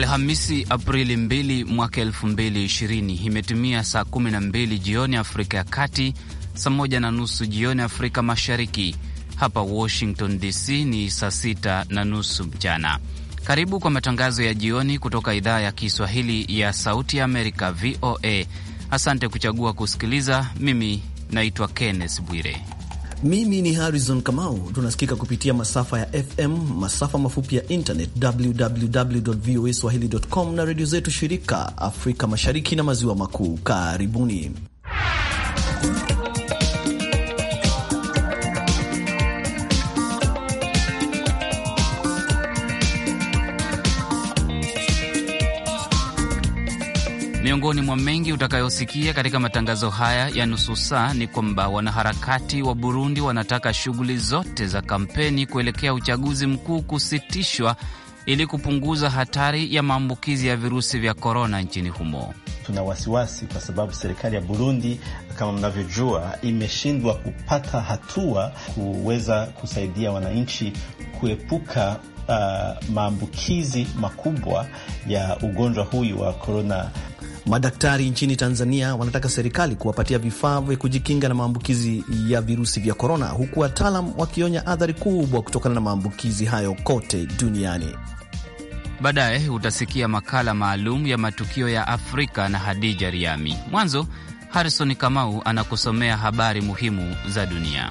Alhamisi, Aprili 2 mwaka 2020, imetimia saa 12 jioni Afrika ya Kati, saa moja na nusu jioni Afrika Mashariki. Hapa Washington DC ni saa sita na nusu mchana. Karibu kwa matangazo ya jioni kutoka idhaa ya Kiswahili ya Sauti ya Amerika, VOA. Asante kuchagua kusikiliza. Mimi naitwa Kenneth Bwire mimi ni Harrison Kamau. Tunasikika kupitia masafa ya FM, masafa mafupi ya internet, www voa swahili.com na redio zetu shirika Afrika Mashariki na Maziwa Makuu. Karibuni Miongoni mwa mengi utakayosikia katika matangazo haya ya nusu saa ni kwamba wanaharakati wa Burundi wanataka shughuli zote za kampeni kuelekea uchaguzi mkuu kusitishwa ili kupunguza hatari ya maambukizi ya virusi vya korona nchini humo. Tuna wasiwasi kwa sababu serikali ya Burundi kama mnavyojua, imeshindwa kupata hatua kuweza kusaidia wananchi kuepuka uh, maambukizi makubwa ya ugonjwa huyu wa korona. Madaktari nchini Tanzania wanataka serikali kuwapatia vifaa vya kujikinga na maambukizi ya virusi vya korona, huku wataalam wakionya athari kubwa kutokana na maambukizi hayo kote duniani. Baadaye utasikia makala maalum ya matukio ya Afrika na Hadija Riami. Mwanzo, Harrison Kamau anakusomea habari muhimu za dunia.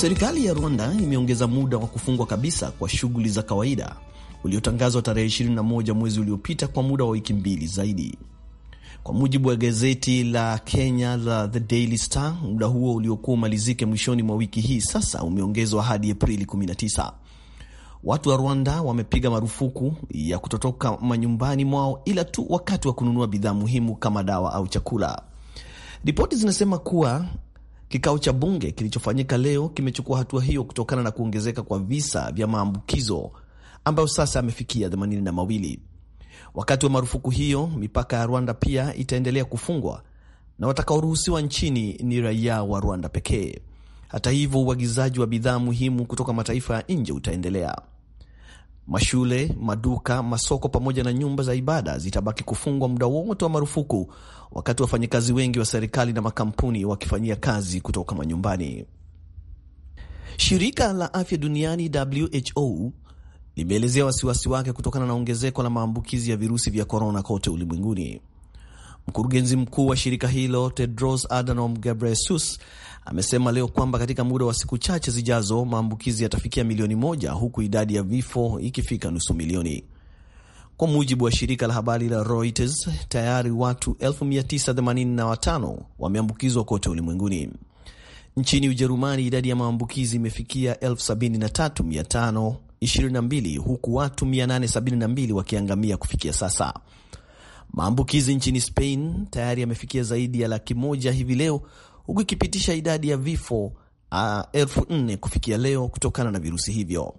Serikali ya Rwanda imeongeza muda wa kufungwa kabisa kwa shughuli za kawaida uliotangazwa tarehe 21 mwezi uliopita kwa muda wa wiki mbili zaidi. Kwa mujibu wa gazeti la Kenya la The Daily Star, muda huo uliokuwa umalizike mwishoni mwa wiki hii sasa umeongezwa hadi Aprili 19. Watu wa Rwanda wamepiga marufuku ya kutotoka manyumbani mwao ila tu wakati wa kununua bidhaa muhimu kama dawa au chakula. Ripoti zinasema kuwa Kikao cha bunge kilichofanyika leo kimechukua hatua hiyo kutokana na kuongezeka kwa visa vya maambukizo ambayo sasa amefikia themanini na mawili. Wakati wa marufuku hiyo, mipaka ya Rwanda pia itaendelea kufungwa na watakaoruhusiwa nchini ni raia wa Rwanda pekee. Hata hivyo, uagizaji wa bidhaa muhimu kutoka mataifa ya nje utaendelea. Mashule, maduka, masoko pamoja na nyumba za ibada zitabaki kufungwa muda wote wa marufuku, wakati wafanyakazi wengi wa serikali na makampuni wakifanyia kazi kutoka manyumbani. Shirika la afya duniani WHO limeelezea wasiwasi wake kutokana na ongezeko la maambukizi ya virusi vya korona kote ulimwenguni. Mkurugenzi mkuu wa shirika hilo Tedros Adhanom Ghebreyesus amesema leo kwamba katika muda wa siku chache zijazo maambukizi yatafikia milioni moja huku idadi ya vifo ikifika nusu milioni. Kwa mujibu wa shirika la habari la Reuters, tayari watu 985 wameambukizwa kote ulimwenguni. Nchini Ujerumani, idadi ya maambukizi imefikia 73522 huku watu 872 wakiangamia kufikia sasa. Maambukizi nchini Spain tayari yamefikia zaidi ya laki moja hivi leo, huku ikipitisha idadi ya vifo uh, elfu nne kufikia leo kutokana na virusi hivyo.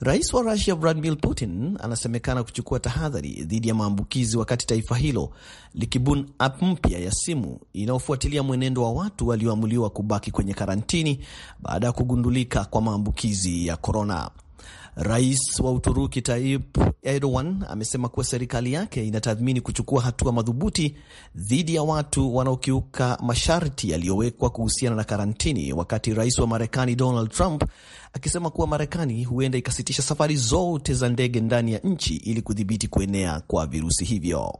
Rais wa Rusia Vladimir Putin anasemekana kuchukua tahadhari dhidi ya maambukizi wakati taifa hilo likibuni app mpya ya simu inayofuatilia mwenendo wa watu walioamuliwa kubaki kwenye karantini baada ya kugundulika kwa maambukizi ya korona. Rais wa Uturuki Tayyip Erdogan amesema kuwa serikali yake inatathmini kuchukua hatua madhubuti dhidi ya watu wanaokiuka masharti yaliyowekwa kuhusiana na karantini, wakati rais wa Marekani Donald Trump akisema kuwa Marekani huenda ikasitisha safari zote za ndege ndani ya nchi ili kudhibiti kuenea kwa virusi hivyo.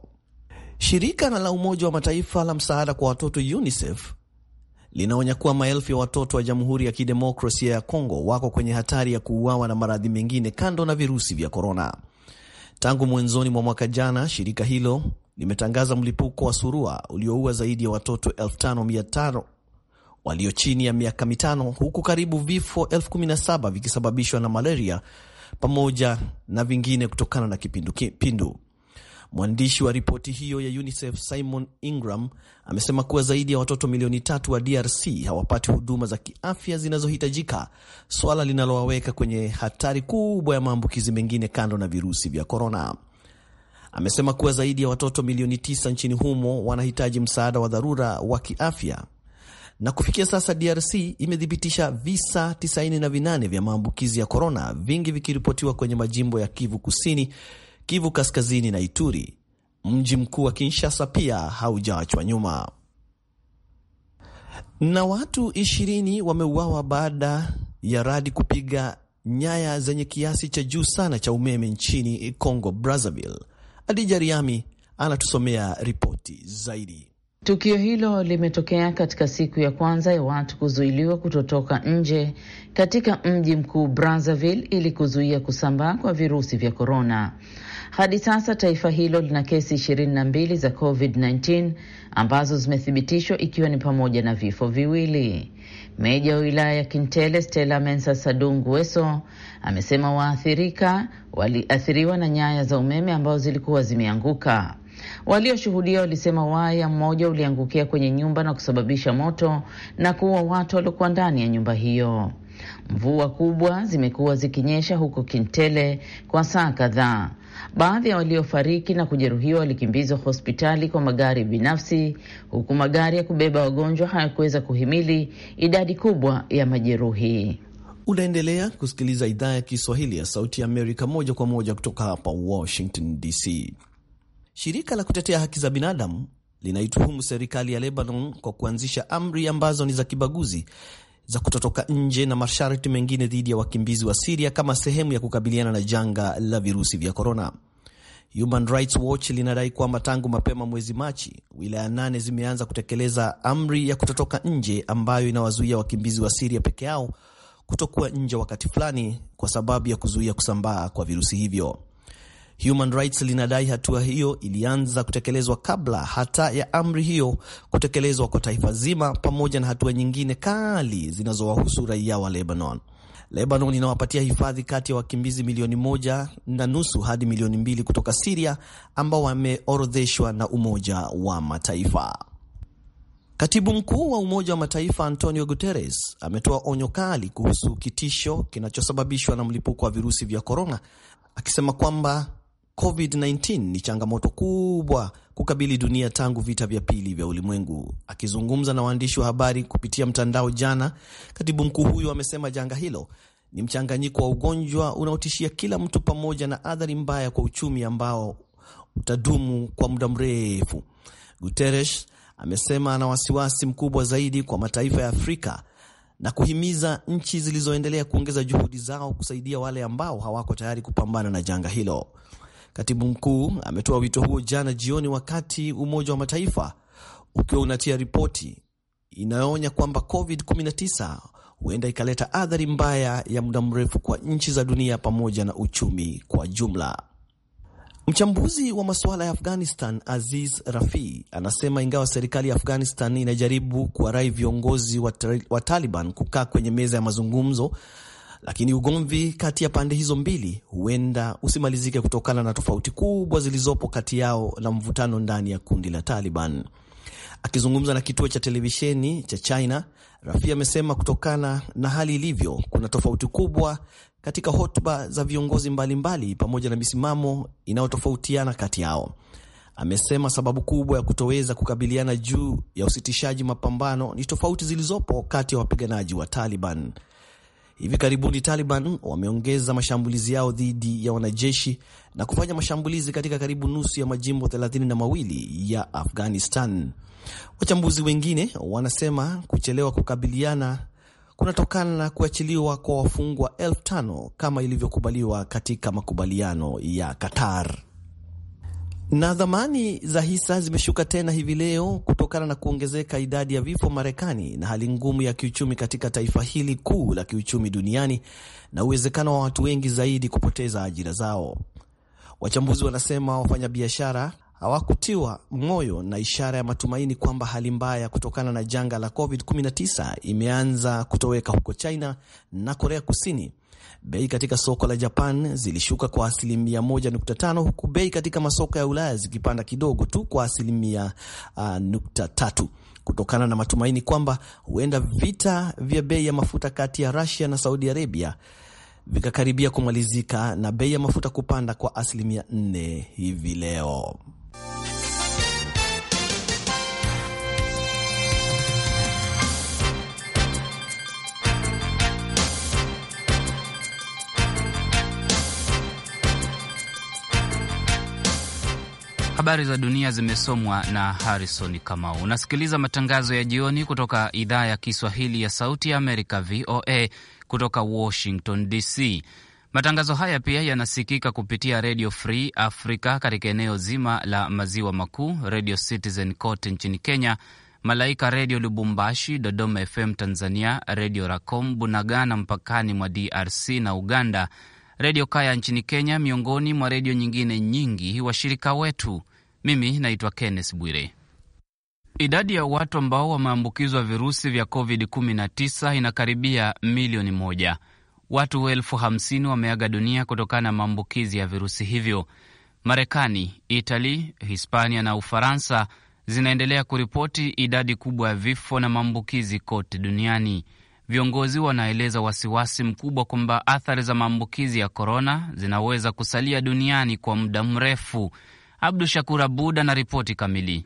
Shirika la Umoja wa Mataifa la msaada kwa watoto UNICEF linaonya kuwa maelfu ya watoto wa Jamhuri ya Kidemokrasia ya Kongo wako kwenye hatari ya kuuawa na maradhi mengine kando na virusi vya korona. Tangu mwanzoni mwa mwaka jana, shirika hilo limetangaza mlipuko wa surua ulioua zaidi ya watoto 5500 walio chini ya miaka mitano, huku karibu vifo 17 vikisababishwa na malaria pamoja na vingine kutokana na kipindupindu. Mwandishi wa ripoti hiyo ya UNICEF Simon Ingram amesema kuwa zaidi ya watoto milioni tatu wa DRC hawapati huduma za kiafya zinazohitajika, swala linalowaweka kwenye hatari kubwa ya maambukizi mengine kando na virusi vya korona. Amesema kuwa zaidi ya watoto milioni tisa nchini humo wanahitaji msaada wa dharura wa kiafya na kufikia sasa DRC imethibitisha visa 98 vya maambukizi ya korona, vingi vikiripotiwa kwenye majimbo ya Kivu Kusini, Kivu Kaskazini na Ituri. Mji mkuu wa Kinshasa pia haujaachwa nyuma. Na watu ishirini wameuawa baada ya radi kupiga nyaya zenye kiasi cha juu sana cha umeme nchini Congo Brazzaville. Adija Riami anatusomea ripoti zaidi. Tukio hilo limetokea katika siku ya kwanza ya watu kuzuiliwa kutotoka nje katika mji mkuu Brazzaville ili kuzuia kusambaa kwa virusi vya korona. Hadi sasa taifa hilo lina kesi 22 za COVID-19 ambazo zimethibitishwa ikiwa ni pamoja na vifo viwili. Meja wa wilaya ya Kintele Stella Mensa Weso amesema waathirika waliathiriwa na nyaya za umeme ambazo zilikuwa zimeanguka. Walioshuhudia walisema waya mmoja uliangukia kwenye nyumba na kusababisha moto na kuua watu waliokuwa ndani ya nyumba hiyo. Mvua kubwa zimekuwa zikinyesha huko Kintele kwa saa kadhaa. Baadhi ya waliofariki na kujeruhiwa walikimbizwa hospitali kwa magari binafsi, huku magari ya kubeba wagonjwa hayakuweza kuhimili idadi kubwa ya majeruhi. Unaendelea kusikiliza idhaa ya Kiswahili ya Sauti ya Amerika moja kwa moja kutoka hapa Washington DC. Shirika la kutetea haki za binadamu linaituhumu serikali ya Lebanon kwa kuanzisha amri ambazo ni za kibaguzi za kutotoka nje na masharti mengine dhidi ya wakimbizi wa Siria kama sehemu ya kukabiliana na janga la virusi vya korona. Human Rights Watch linadai kwamba tangu mapema mwezi Machi, wilaya nane zimeanza kutekeleza amri ya kutotoka nje ambayo inawazuia wakimbizi wa Siria peke yao kutokuwa nje wakati fulani kwa sababu ya kuzuia kusambaa kwa virusi hivyo. Human Rights linadai hatua hiyo ilianza kutekelezwa kabla hata ya amri hiyo kutekelezwa kwa taifa zima, pamoja na hatua nyingine kali zinazowahusu raia wa Lebanon. Lebanon inawapatia hifadhi kati ya wakimbizi milioni moja na nusu hadi milioni mbili kutoka Siria ambao wameorodheshwa na Umoja wa Mataifa. Katibu mkuu wa Umoja wa Mataifa Antonio Guterres ametoa onyo kali kuhusu kitisho kinachosababishwa na mlipuko wa virusi vya korona, akisema kwamba COVID-19 ni changamoto kubwa kukabili dunia tangu vita vya pili vya ulimwengu. Akizungumza na waandishi wa habari kupitia mtandao jana, katibu mkuu huyo amesema janga hilo ni mchanganyiko wa ugonjwa unaotishia kila mtu pamoja na athari mbaya kwa uchumi ambao utadumu kwa muda mrefu. Guterres amesema ana wasiwasi mkubwa zaidi kwa mataifa ya Afrika na kuhimiza nchi zilizoendelea kuongeza juhudi zao kusaidia wale ambao hawako tayari kupambana na janga hilo. Katibu mkuu ametoa wito huo jana jioni, wakati Umoja wa Mataifa ukiwa unatia ripoti inayoonya kwamba COVID-19 huenda ikaleta athari mbaya ya muda mrefu kwa nchi za dunia pamoja na uchumi kwa jumla. Mchambuzi wa masuala ya Afghanistan Aziz Rafi anasema ingawa serikali ya Afghanistan inajaribu kuwarai viongozi wa Taliban kukaa kwenye meza ya mazungumzo lakini ugomvi kati ya pande hizo mbili huenda usimalizike kutokana na tofauti kubwa zilizopo kati yao na mvutano ndani ya kundi la Taliban. Akizungumza na kituo cha televisheni cha China, Rafi amesema kutokana na hali ilivyo, kuna tofauti kubwa katika hotuba za viongozi mbalimbali mbali, pamoja na misimamo inayotofautiana kati yao. Amesema sababu kubwa ya kutoweza kukabiliana juu ya usitishaji mapambano ni tofauti zilizopo kati ya wapiganaji wa Taliban. Hivi karibuni Taliban wameongeza mashambulizi yao dhidi ya wanajeshi na kufanya mashambulizi katika karibu nusu ya majimbo thelathini na mawili ya Afghanistan. Wachambuzi wengine wanasema kuchelewa kukabiliana kunatokana na kuachiliwa kwa wafungwa elfu tano kama ilivyokubaliwa katika makubaliano ya Qatar. Na dhamani za hisa zimeshuka tena hivi leo kutokana na kuongezeka idadi ya vifo Marekani na hali ngumu ya kiuchumi katika taifa hili kuu la kiuchumi duniani na uwezekano wa watu wengi zaidi kupoteza ajira zao. Wachambuzi wanasema wafanyabiashara hawakutiwa moyo na ishara ya matumaini kwamba hali mbaya kutokana na janga la COVID-19 imeanza kutoweka huko China na Korea Kusini Bei katika soko la Japan zilishuka kwa asilimia 1.5 huku bei katika masoko ya Ulaya zikipanda kidogo tu kwa asilimia ah, nukta tatu kutokana na matumaini kwamba huenda vita vya bei ya mafuta kati ya Russia na Saudi Arabia vikakaribia kumalizika na bei ya mafuta kupanda kwa asilimia 4 hivi leo. Habari za dunia zimesomwa na Harrison Kamau. Unasikiliza matangazo ya jioni kutoka idhaa ya Kiswahili ya Sauti ya Amerika, VOA, kutoka Washington DC. Matangazo haya pia yanasikika kupitia Redio Free Africa katika eneo zima la maziwa makuu, Redio Citizen kote nchini Kenya, Malaika Redio Lubumbashi, Dodoma FM Tanzania, Redio Racom Bunagana mpakani mwa DRC na Uganda, Redio Kaya nchini Kenya, miongoni mwa redio nyingine nyingi washirika wetu. Mimi naitwa Kenneth Bwire. Idadi ya watu ambao wameambukizwa virusi vya COVID-19 inakaribia milioni moja. Watu elfu hamsini wameaga dunia kutokana na maambukizi ya virusi hivyo. Marekani, Itali, Hispania na Ufaransa zinaendelea kuripoti idadi kubwa ya vifo na maambukizi kote duniani. Viongozi wanaeleza wasiwasi mkubwa kwamba athari za maambukizi ya korona zinaweza kusalia duniani kwa muda mrefu. Abdu Shakur Abud ana ripoti kamili.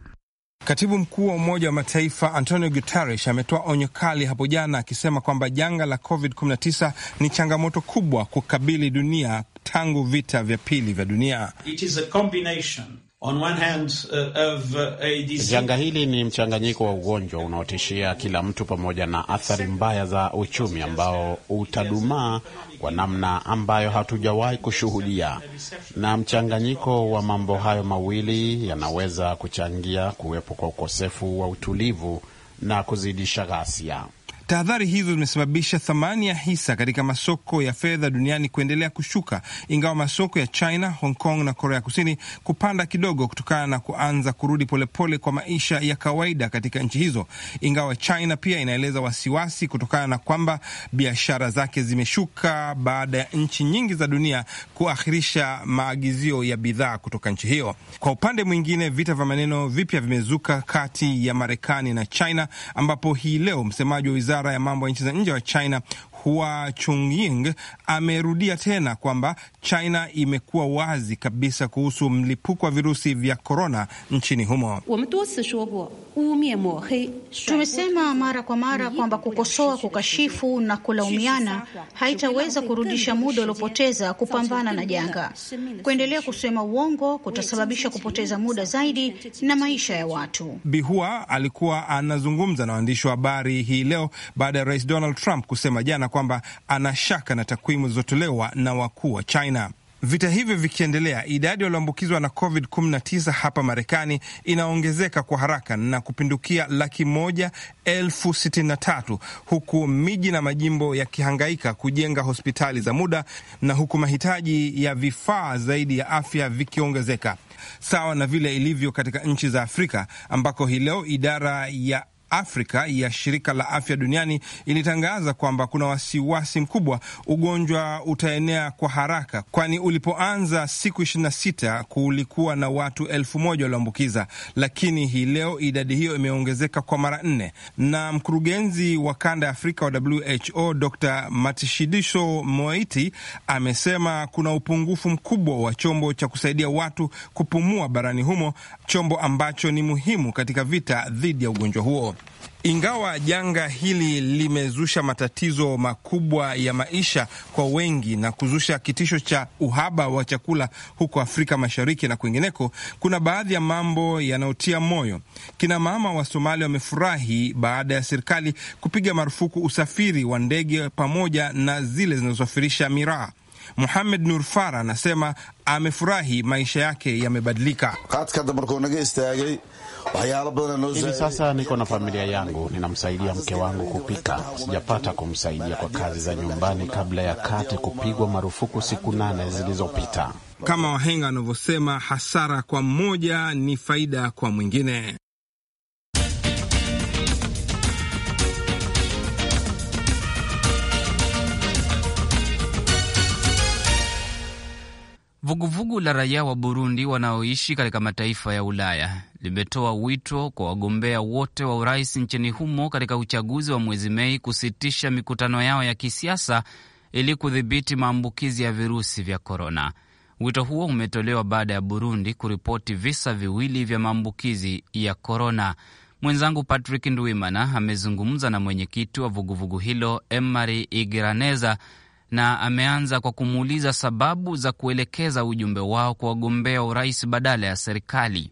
Katibu mkuu wa Umoja wa Mataifa Antonio Guterres ametoa onyo kali hapo jana akisema kwamba janga la COVID-19 ni changamoto kubwa kukabili dunia tangu vita vya pili vya dunia. It is a combination On one hand, uh, of, uh, ADC. Janga hili ni mchanganyiko wa ugonjwa unaotishia kila mtu pamoja na athari mbaya za uchumi ambao utadumaa kwa namna ambayo hatujawahi kushuhudia, na mchanganyiko wa mambo hayo mawili yanaweza kuchangia kuwepo kwa ukosefu wa utulivu na kuzidisha ghasia. Tahadhari hizo zimesababisha thamani ya hisa katika masoko ya fedha duniani kuendelea kushuka, ingawa masoko ya China, Hong Kong na Korea Kusini kupanda kidogo kutokana na kuanza kurudi polepole kwa maisha ya kawaida katika nchi hizo, ingawa China pia inaeleza wasiwasi kutokana na kwamba biashara zake zimeshuka baada ya nchi nyingi za dunia kuahirisha maagizio ya bidhaa kutoka nchi hiyo. Kwa upande mwingine, vita vya maneno vipya vimezuka kati ya Marekani na China, ambapo hii leo msemaji wa wizara ya mambo ya nchi za nje wa China Hua Chunying amerudia tena kwamba China imekuwa wazi kabisa kuhusu mlipuko wa virusi vya korona nchini humo. Tumesema mara kwa mara kwamba kukosoa, kukashifu na kulaumiana haitaweza kurudisha muda uliopoteza kupambana na janga. Kuendelea kusema uongo kutasababisha kupoteza muda zaidi na maisha ya watu. Bihua alikuwa anazungumza na waandishi wa habari hii leo baada ya Rais Donald Trump kusema jana kwamba ana shaka na takwimu zilizotolewa na wakuu wa China. Vita hivyo vikiendelea, idadi walioambukizwa na COVID-19 hapa Marekani inaongezeka kwa haraka na kupindukia laki moja elfu sitini na tatu huku miji na majimbo yakihangaika kujenga hospitali za muda na huku mahitaji ya vifaa zaidi ya afya vikiongezeka sawa na vile ilivyo katika nchi za Afrika ambako hii leo idara ya Afrika ya shirika la afya duniani ilitangaza kwamba kuna wasiwasi mkubwa ugonjwa utaenea kwa haraka, kwani ulipoanza siku 26 kulikuwa na watu elfu moja walioambukiza, lakini hii leo idadi hiyo imeongezeka kwa mara nne. Na mkurugenzi wa kanda ya Afrika wa WHO Dr Matshidiso Moeti amesema kuna upungufu mkubwa wa chombo cha kusaidia watu kupumua barani humo chombo ambacho ni muhimu katika vita dhidi ya ugonjwa huo. Ingawa janga hili limezusha matatizo makubwa ya maisha kwa wengi na kuzusha kitisho cha uhaba wa chakula huko Afrika Mashariki na kwingineko, kuna baadhi ya mambo yanayotia moyo. Kina mama wa Somalia wamefurahi baada ya serikali kupiga marufuku usafiri wa ndege pamoja na zile zinazosafirisha miraa. Muhamed Nur Fara anasema amefurahi maisha yake yamebadilika. Hivi sasa niko na familia yangu, ninamsaidia mke wangu kupika. Sijapata kumsaidia kwa kazi za nyumbani kabla ya kate kupigwa marufuku siku nane zilizopita. Kama wahenga wanavyosema, hasara kwa mmoja ni faida kwa mwingine. Vuguvugu vugu la raia wa Burundi wanaoishi katika mataifa ya Ulaya limetoa wito kwa wagombea wote wa urais nchini humo katika uchaguzi wa mwezi Mei kusitisha mikutano yao ya kisiasa ili kudhibiti maambukizi ya virusi vya korona. Wito huo umetolewa baada ya Burundi kuripoti visa viwili vya maambukizi ya korona. Mwenzangu Patrick Ndwimana amezungumza na mwenyekiti wa vuguvugu hilo Emary Igiraneza na ameanza kwa kumuuliza sababu za kuelekeza ujumbe wao kwa wagombea urais badala ya serikali.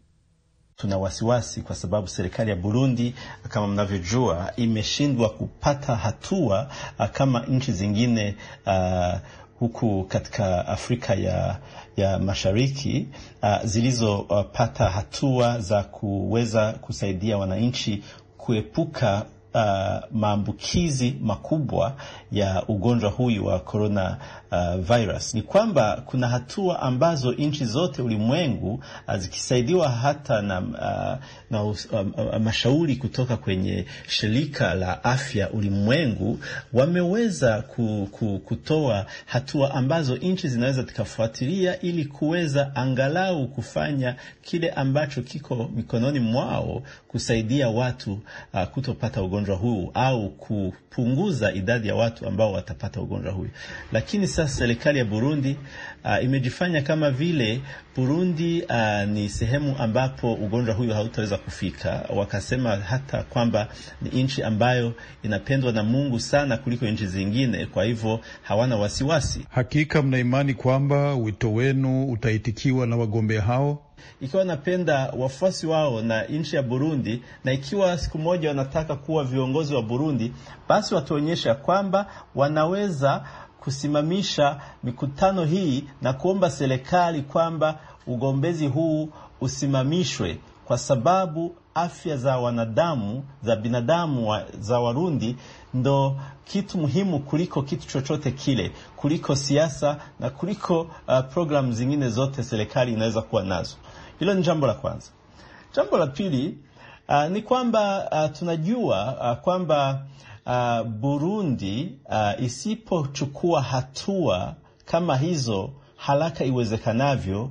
Tuna wasiwasi kwa sababu serikali ya Burundi kama mnavyojua imeshindwa kupata hatua ah, kama nchi zingine uh, huku katika Afrika ya, ya Mashariki uh, zilizopata uh, hatua za kuweza kusaidia wananchi kuepuka uh, maambukizi makubwa ya ugonjwa huyu wa corona uh, virus ni kwamba kuna hatua ambazo nchi zote ulimwengu uh, zikisaidiwa hata na, uh, na uh, uh, mashauri kutoka kwenye shirika la afya ulimwengu wameweza ku, ku, kutoa hatua ambazo nchi zinaweza zikafuatilia ili kuweza angalau kufanya kile ambacho kiko mikononi mwao kusaidia watu uh, kutopata ugonjwa huu au kupunguza idadi ya watu watu ambao watapata ugonjwa huyu. Lakini sasa serikali ya Burundi uh, imejifanya kama vile Burundi uh, ni sehemu ambapo ugonjwa huyu hautaweza kufika. Wakasema hata kwamba ni nchi ambayo inapendwa na Mungu sana kuliko nchi zingine, kwa hivyo hawana wasiwasi. Hakika mna imani kwamba wito wenu utaitikiwa na wagombea hao? ikiwa wanapenda wafuasi wao na nchi ya Burundi, na ikiwa siku moja wanataka kuwa viongozi wa Burundi, basi watuonyesha kwamba wanaweza kusimamisha mikutano hii na kuomba serikali kwamba ugombezi huu usimamishwe kwa sababu afya za wanadamu za binadamu wa, za Warundi ndo kitu muhimu kuliko kitu chochote kile, kuliko siasa na kuliko uh, programu zingine zote serikali inaweza kuwa nazo. Hilo ni jambo la kwanza. Jambo la pili uh, ni kwamba uh, tunajua uh, kwamba uh, Burundi uh, isipochukua hatua kama hizo haraka iwezekanavyo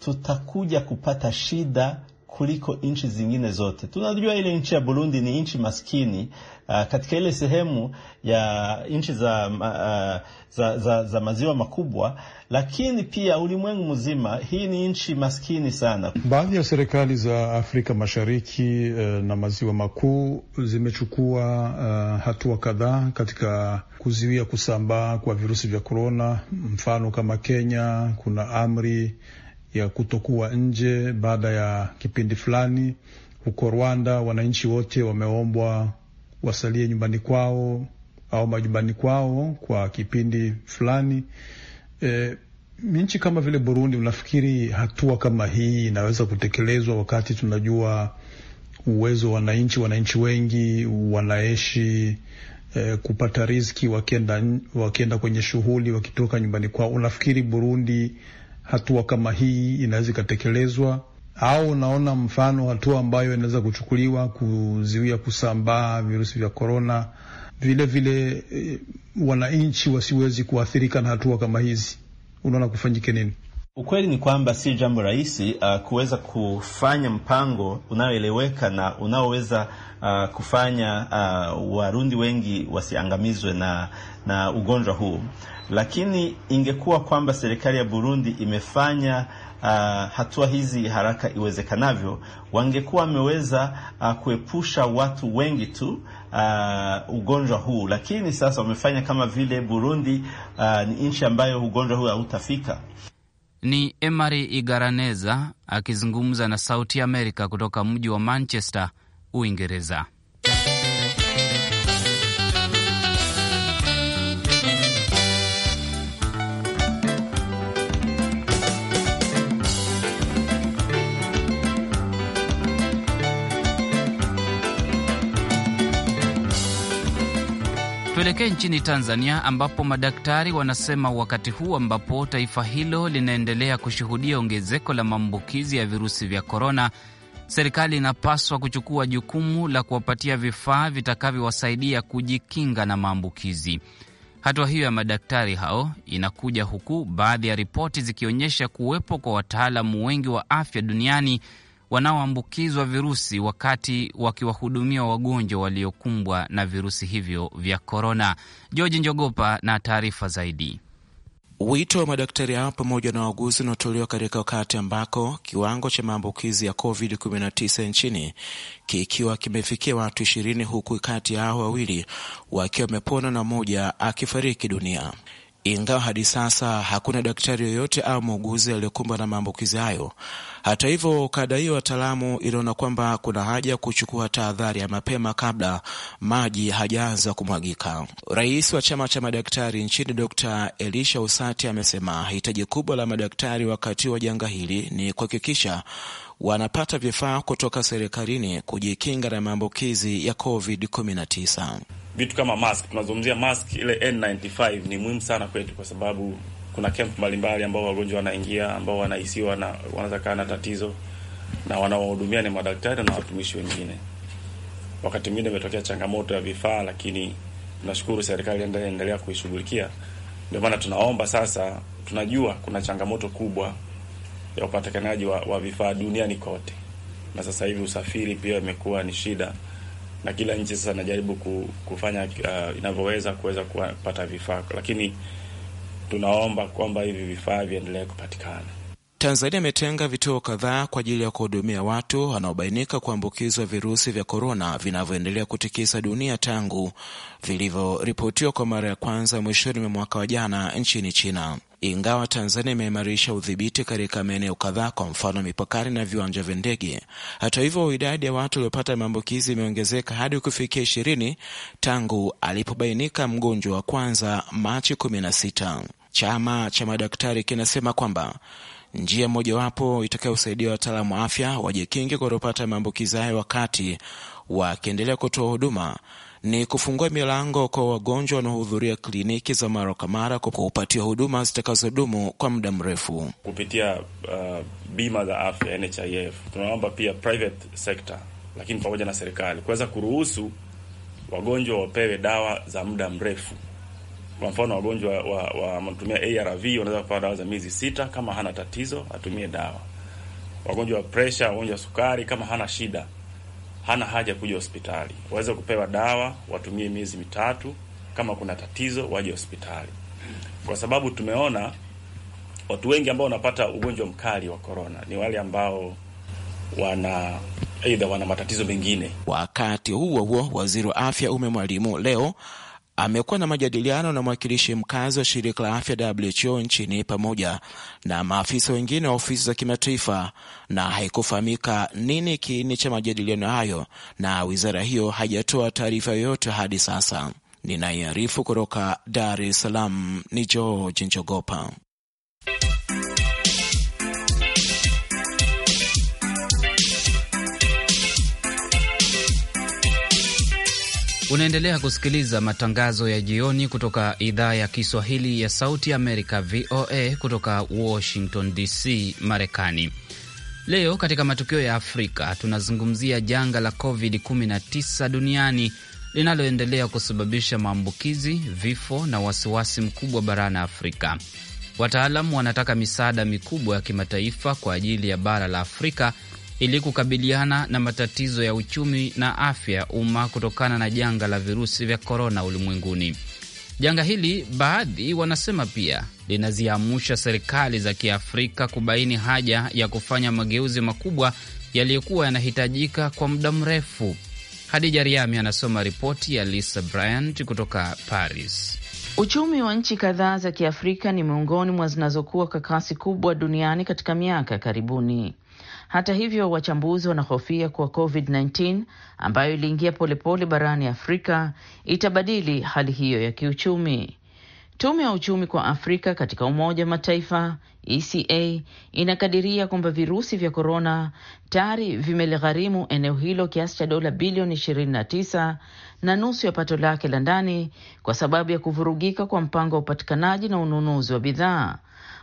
tutakuja kupata shida kuliko nchi zingine zote. Tunajua ile nchi ya Burundi ni nchi maskini uh, katika ile sehemu ya nchi za, uh, za, za, za maziwa makubwa, lakini pia ulimwengu mzima, hii ni nchi maskini sana. Baadhi ya serikali za Afrika Mashariki uh, na maziwa makuu zimechukua uh, hatua kadhaa katika kuzuia kusambaa kwa virusi vya korona, mfano kama Kenya kuna amri ya kutokuwa nje baada ya kipindi fulani. Huko Rwanda, wananchi wote wameombwa wasalie nyumbani kwao au majumbani kwao kwa kipindi fulani. E, nchi kama vile Burundi, unafikiri hatua kama hii inaweza kutekelezwa wakati tunajua uwezo wa wananchi? Wananchi wengi wanaishi e, kupata riziki wakienda wakienda kwenye shughuli wakitoka nyumbani kwao. Unafikiri Burundi hatua kama hii inaweza ikatekelezwa, au unaona mfano hatua ambayo inaweza kuchukuliwa kuzuia kusambaa virusi vya korona, vilevile eh, wananchi wasiwezi kuathirika na hatua kama hizi, unaona kufanyike nini? Ukweli ni kwamba si jambo rahisi uh, kuweza kufanya mpango unaoeleweka na unaoweza uh, kufanya uh, Warundi wengi wasiangamizwe na, na ugonjwa huu, lakini ingekuwa kwamba serikali ya Burundi imefanya uh, hatua hizi haraka iwezekanavyo, wangekuwa wameweza uh, kuepusha watu wengi tu uh, ugonjwa huu, lakini sasa wamefanya kama vile Burundi uh, ni nchi ambayo ugonjwa huu hautafika. Ni Emary Igaraneza akizungumza na Sauti Amerika kutoka mji wa Manchester Uingereza. Tuelekee nchini Tanzania ambapo madaktari wanasema wakati huu ambapo taifa hilo linaendelea kushuhudia ongezeko la maambukizi ya virusi vya korona, serikali inapaswa kuchukua jukumu la kuwapatia vifaa vitakavyowasaidia kujikinga na maambukizi. Hatua hiyo ya madaktari hao inakuja huku baadhi ya ripoti zikionyesha kuwepo kwa wataalamu wengi wa afya duniani wanaoambukizwa virusi wakati wakiwahudumia wagonjwa waliokumbwa na virusi hivyo vya korona. George Njogopa na taarifa zaidi. Wito wa madaktari hao pamoja na wauguzi unaotolewa katika wakati ambako kiwango cha maambukizi ya COVID-19 nchini kikiwa kimefikia watu ishirini huku kati ya hao wawili wakiwa wamepona na mmoja akifariki dunia ingawa hadi sasa hakuna daktari yoyote au muuguzi aliyokumbwa na maambukizi hayo. Hata hivyo, kada hiyo wataalamu iliona kwamba kuna haja ya kuchukua tahadhari ya mapema kabla maji hajaanza kumwagika. Rais wa chama cha madaktari nchini Dr Elisha Usati amesema hitaji kubwa la madaktari wakati wa janga hili ni kuhakikisha wanapata vifaa kutoka serikalini kujikinga na maambukizi ya COVID-19. Vitu kama mask, tunazungumzia mask ile N95 ni muhimu sana kwetu kwa sababu kuna kemp mbalimbali ambao wagonjwa wanaingia ambao wanahisiwa na wanaweza kaa na tatizo na wanaohudumia ni madaktari na watumishi wengine. Wakati mwingine imetokea changamoto ya vifaa, lakini tunashukuru serikali endelea kuishughulikia. Ndio maana tunaomba sasa, tunajua kuna changamoto kubwa ya upatikanaji wa, wa vifaa duniani kote, na sasa hivi usafiri pia imekuwa ni shida, na kila nchi sasa najaribu kufanya uh, inavyoweza kuweza kupata vifaa, lakini tunaomba kwamba hivi vifaa viendelee kupatikana. Tanzania imetenga vituo kadhaa kwa ajili ya kuhudumia watu wanaobainika kuambukizwa virusi vya korona vinavyoendelea kutikisa dunia tangu vilivyoripotiwa kwa mara ya kwanza mwishoni mwa mwaka wa jana nchini China. Ingawa Tanzania imeimarisha udhibiti katika maeneo kadhaa, kwa mfano mipakani na viwanja vya ndege. Hata hivyo, idadi ya watu waliopata maambukizi imeongezeka hadi kufikia ishirini tangu alipobainika mgonjwa wa kwanza Machi kumi sita. Chama cha madaktari kinasema kwamba njia mojawapo itakayosaidia wataalamu wa afya wajikinge kutopata maambukizi hayo wakati wakiendelea kutoa huduma ni kufungua milango kwa wagonjwa wanaohudhuria kliniki za mara kwa mara kwa kupatia huduma zitakazodumu kwa muda mrefu kupitia uh, bima za afya NHIF. Tunaomba pia private sector, lakini pamoja na serikali kuweza kuruhusu wagonjwa wapewe dawa za muda mrefu. Kwa mfano wagonjwa wanatumia wa, wa, ARV wanaweza kupewa dawa za miezi sita, kama hana tatizo atumie dawa. Wagonjwa wa presha, wagonjwa wa sukari, kama hana shida hana haja kuja hospitali, waweze kupewa dawa, watumie miezi mitatu, kama kuna tatizo waje hospitali, kwa sababu tumeona watu wengi ambao wanapata ugonjwa mkali wa korona ni wale ambao wana aidha wana matatizo mengine. Wakati huo huo, waziri wa afya Ummy Mwalimu leo amekuwa na majadiliano na mwakilishi mkazi wa shirika la afya WHO nchini pamoja na maafisa wengine wa ofisi za kimataifa, na haikufahamika nini kiini cha majadiliano hayo, na wizara hiyo haijatoa taarifa yoyote hadi sasa. Ninayearifu kutoka Dar es Salaam ni George Njogopa. Unaendelea kusikiliza matangazo ya jioni kutoka idhaa ya Kiswahili ya Sauti Amerika, VOA, kutoka Washington DC, Marekani. Leo katika matukio ya Afrika tunazungumzia janga la COVID-19 duniani linaloendelea kusababisha maambukizi, vifo na wasiwasi mkubwa barani Afrika. Wataalam wanataka misaada mikubwa ya kimataifa kwa ajili ya bara la Afrika ili kukabiliana na matatizo ya uchumi na afya ya umma kutokana na janga la virusi vya korona ulimwenguni. Janga hili baadhi wanasema pia linaziamusha serikali za Kiafrika kubaini haja ya kufanya mageuzi makubwa yaliyokuwa yanahitajika kwa muda mrefu. Hadija Riami anasoma ripoti ya Lisa Bryant kutoka Paris. Uchumi wa nchi kadhaa za Kiafrika ni miongoni mwa zinazokuwa kwa kasi kubwa duniani katika miaka ya karibuni. Hata hivyo, wachambuzi wanahofia kuwa COVID-19 ambayo iliingia polepole barani Afrika itabadili hali hiyo ya kiuchumi. Tume ya uchumi kwa Afrika katika Umoja wa Mataifa ECA inakadiria kwamba virusi vya korona tayari vimeligharimu eneo hilo kiasi cha dola bilioni 29 na nusu ya pato lake la ndani, kwa sababu ya kuvurugika kwa mpango wa upatikanaji na ununuzi wa bidhaa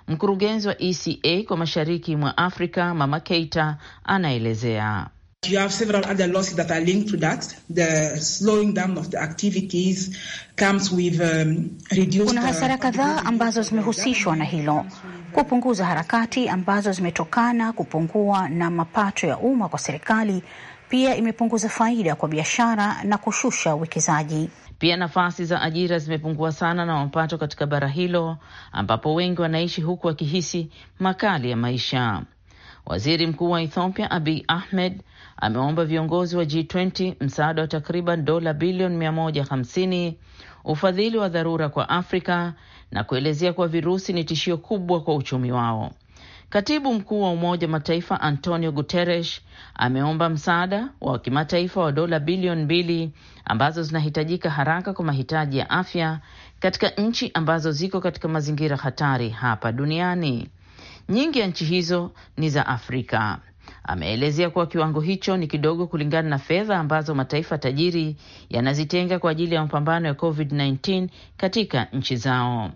Mkurugenzi wa ECA kwa mashariki mwa Afrika Mama Keita anaelezea. You have several other losses that are linked to that. The slowing down of the activities comes with um, reduced. Kuna uh, hasara kadhaa ambazo zimehusishwa na hilo, kupunguza harakati ambazo zimetokana kupungua na mapato ya umma kwa serikali, pia imepunguza faida kwa biashara na kushusha uwekezaji. Pia nafasi za ajira zimepungua sana na mapato katika bara hilo, ambapo wengi wanaishi huku wakihisi makali ya maisha. Waziri Mkuu wa Ethiopia abi Ahmed ameomba viongozi wa G20 msaada wa takriban dola bilioni 150 ufadhili wa dharura kwa Afrika na kuelezea kuwa virusi ni tishio kubwa kwa uchumi wao. Katibu mkuu wa Umoja Mataifa Antonio Guterres ameomba msaada wa kimataifa wa dola bilioni mbili ambazo zinahitajika haraka kwa mahitaji ya afya katika nchi ambazo ziko katika mazingira hatari hapa duniani. Nyingi ya nchi hizo ni za Afrika. Ameelezea kuwa kiwango hicho ni kidogo kulingana na fedha ambazo mataifa tajiri yanazitenga kwa ajili ya mapambano ya COVID-19 katika nchi zao.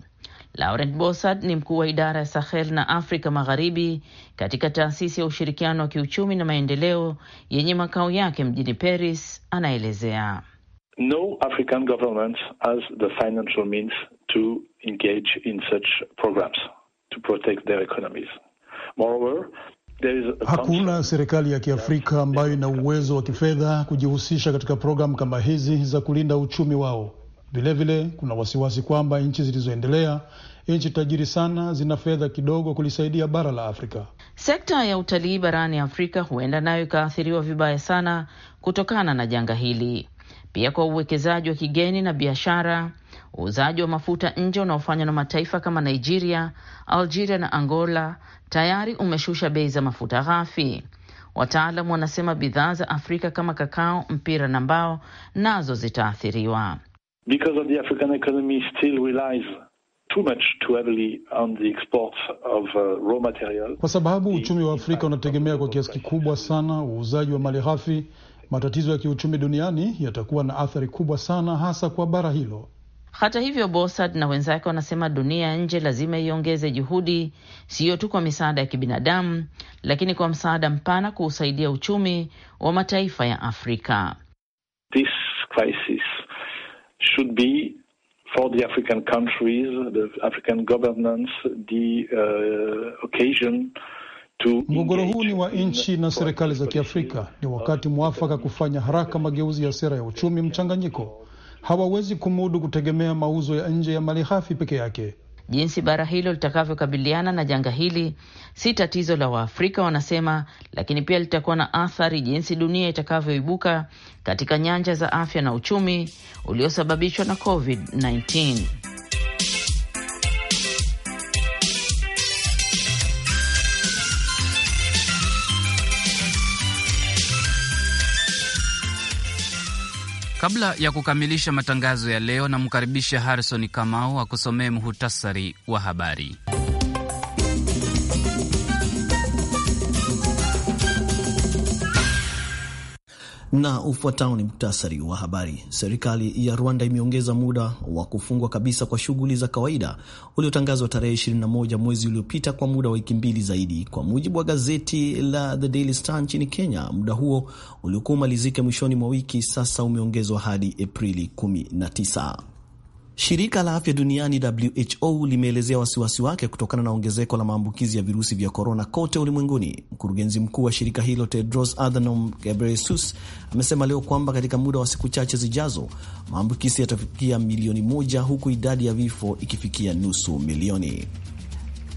Laurent Bossard ni mkuu wa idara ya Sahel na Afrika Magharibi katika taasisi ya ushirikiano wa kiuchumi na maendeleo yenye makao yake mjini Paris, anaelezea. No African government has the financial means to engage in such programs to protect their economies. Moreover, Hakuna serikali ya Kiafrika ambayo ina uwezo wa kifedha kujihusisha katika programu kama hizi za kulinda uchumi wao. Vilevile kuna wasiwasi kwamba nchi zilizoendelea, nchi tajiri sana, zina fedha kidogo kulisaidia bara la Afrika. Sekta ya utalii barani Afrika huenda nayo ikaathiriwa vibaya sana kutokana na janga hili, pia kwa uwekezaji wa kigeni na biashara. Uuzaji wa mafuta nje unaofanywa na mataifa kama Nigeria, Algeria na Angola tayari umeshusha bei za mafuta ghafi. Wataalam wanasema bidhaa za Afrika kama kakao, mpira na mbao nazo zitaathiriwa because of the African economy still relies Too much too heavily on the exports of, uh, raw material. Kwa sababu uchumi wa Afrika unategemea kwa kiasi kikubwa sana uuzaji wa mali ghafi, matatizo ya kiuchumi duniani yatakuwa na athari kubwa sana hasa kwa bara hilo. Hata hivyo, bosad na wenzake wanasema dunia ya nje lazima iongeze juhudi, siyo tu kwa misaada ya kibinadamu, lakini kwa msaada mpana kuusaidia uchumi wa mataifa ya Afrika. This crisis should be for the African countries, the African governments, the uh, occasion Mgogoro huu ni wa nchi na serikali za Kiafrika. Ni wakati mwafaka kufanya haraka mageuzi ya sera ya uchumi mchanganyiko. Hawawezi kumudu kutegemea mauzo ya nje ya malighafi peke yake. Jinsi bara hilo litakavyokabiliana na janga hili si tatizo la Waafrika wanasema, lakini pia litakuwa na athari jinsi dunia itakavyoibuka katika nyanja za afya na uchumi uliosababishwa na COVID-19. Kabla ya kukamilisha matangazo ya leo, namkaribisha Harrison Kamau akusomee muhutasari wa habari. Na ufuatao ni muktasari wa habari. Serikali ya Rwanda imeongeza muda wa kufungwa kabisa kwa shughuli za kawaida uliotangazwa tarehe 21 mwezi uliopita kwa muda wa wiki mbili zaidi, kwa mujibu wa gazeti la The Daily Star nchini Kenya. Muda huo uliokuwa umalizike mwishoni mwa wiki sasa umeongezwa hadi Aprili 19. Shirika la afya duniani WHO limeelezea wasiwasi wake kutokana na ongezeko la maambukizi ya virusi vya korona kote ulimwenguni. Mkurugenzi mkuu wa shirika hilo Tedros Adhanom Ghebreyesus amesema leo kwamba katika muda wa siku chache zijazo maambukizi yatafikia milioni moja huku idadi ya vifo ikifikia nusu milioni.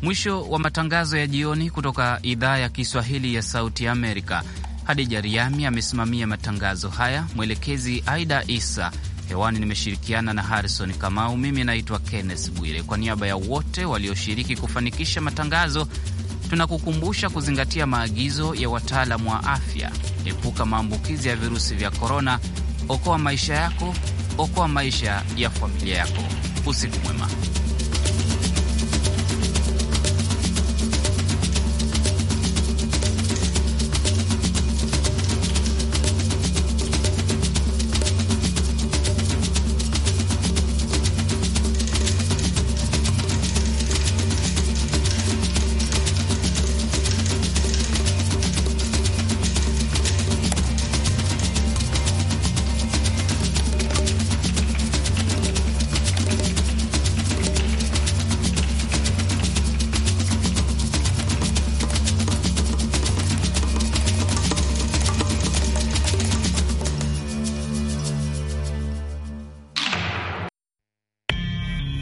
Mwisho wa matangazo ya jioni kutoka idhaa ya Kiswahili ya Sauti ya Amerika. Hadija Riami amesimamia matangazo haya, mwelekezi Aida Isa. Hewani nimeshirikiana na Harrison Kamau. Mimi naitwa Kenneth Bwire. Kwa niaba ya wote walioshiriki kufanikisha matangazo, tunakukumbusha kuzingatia maagizo ya wataalamu wa afya. Epuka maambukizi ya virusi vya korona. Okoa maisha yako, okoa maisha ya familia yako. Usiku mwema.